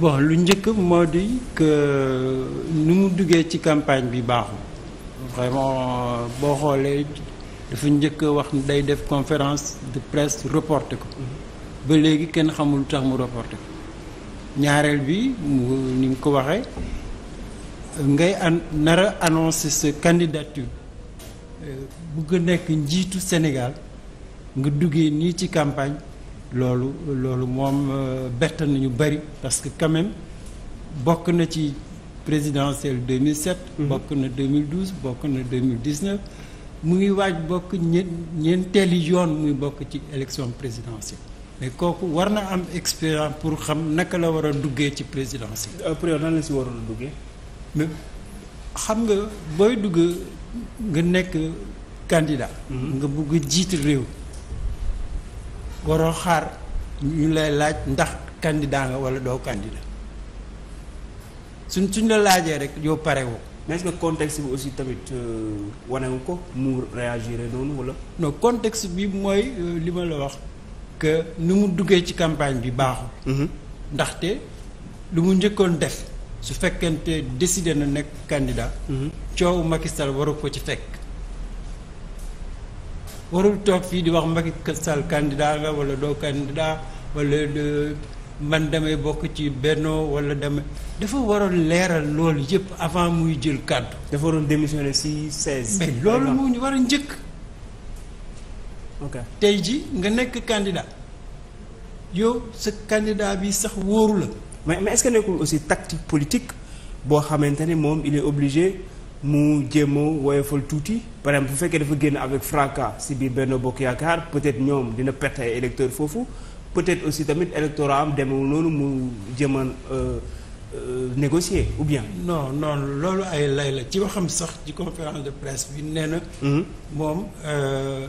bon lu njëkk moo di que ni mu duggee ci campagne bi baaxul vraiment boo xoolee dafa njëkk wax day def conférence de presse reporté ko ba léegi kenn xamul tax mu reporté ko ñaareel bi mu ni nga ko waxee ngay an nar annonce annoncé sa candidature euh, bëgg nekk njiitu Sénégal nga duggee nii ci campagne loolu loolu moom euh, bett nañu bëri parce que quand bokk na ci présidentielle 2007. Mhm. bokk na 2012 bokk na 2019 mu ngi waaj bokk ñe ñeenteeli yoon muy bokk ci élection présidentielle mais kooku war na am expérience pour xam naka la war a duggee ci présidentielle. après euh, nan la si waroon a duggee. xam nga booy dugg nga nekk candidat. Mhm. nga bugg jiit réew. waroo xaar ñu lay laaj ndax candidat nga wala doo candidat suñ suñ la laajee rek yoo pare woo mais est-ce que contexte bi aussi tamit euh, wanewu ko mu réagir noonu wala. noo contexte bi mooy euh, li ma la wax que ni mu duggee ci campagne bi baaxul. Mm-hmm. ndaxte lu mu njëkkoon def su fekkente décidé na nekk candidat. Mm-hmm. coow Macky Sall waru ko ci fekk. warul toog fii di wax Macky Sall candidat nga wala doo walla wala man damay bokk ci Benno wala damay dafa waroon leeral loolu yëpp avant muy jël kàddu. dafa waroon démissionner si 16. mais loolu moo ñu war a njëkk. ok tey ji nga nekk candidat yow sa candidat bi sax wóoru la. mais mais est-ce nekkul aussi tactique politique boo xamante ne moom il est obligé. mu jéem a woyofal tuuti par exemple bu fekkee dafa génn avec fracas si biir benn Bokk Yaakaar peut-être ñoom dina perte ay électeurs foofu peut-être aussi tamit électorat am demewul noonu mu jéem a euh, euh, négocier ou bien. non non loolu ay lay la ci waxam sax ci conférence de presse bi nee na. Mm-hmm. moom euh,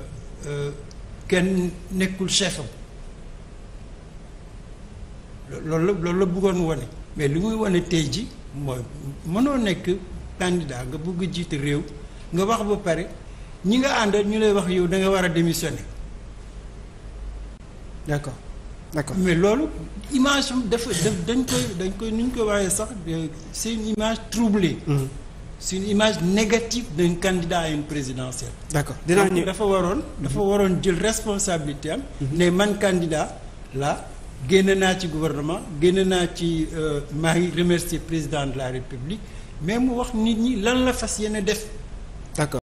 kenn nekkul chef am loolu la loolu la bëggoon wone mais li muy wane tey ji mooy mënoo nekk. candidat nga bëgg jiite réew nga wax ba pare ñi nga àndal ñu lay wax yow danga war a démissionner d'accord d'accord mais loolu image dafa dañ koy dañ koy nu ñu koy waxee sax c'est une image troublée. Mm-hmm. c'est une image négative d'un candidat une présidentielle. d'accord dinaa nii dafa waroon dafa mm-hmm. waroon jël responsabilité am. Mm-hmm. ne man candidat la génn naa ci gouvernement génn naa ci euh, maa ngi remercier président de la république. mais mu wax nit ñi lan la fas yéene def d'accord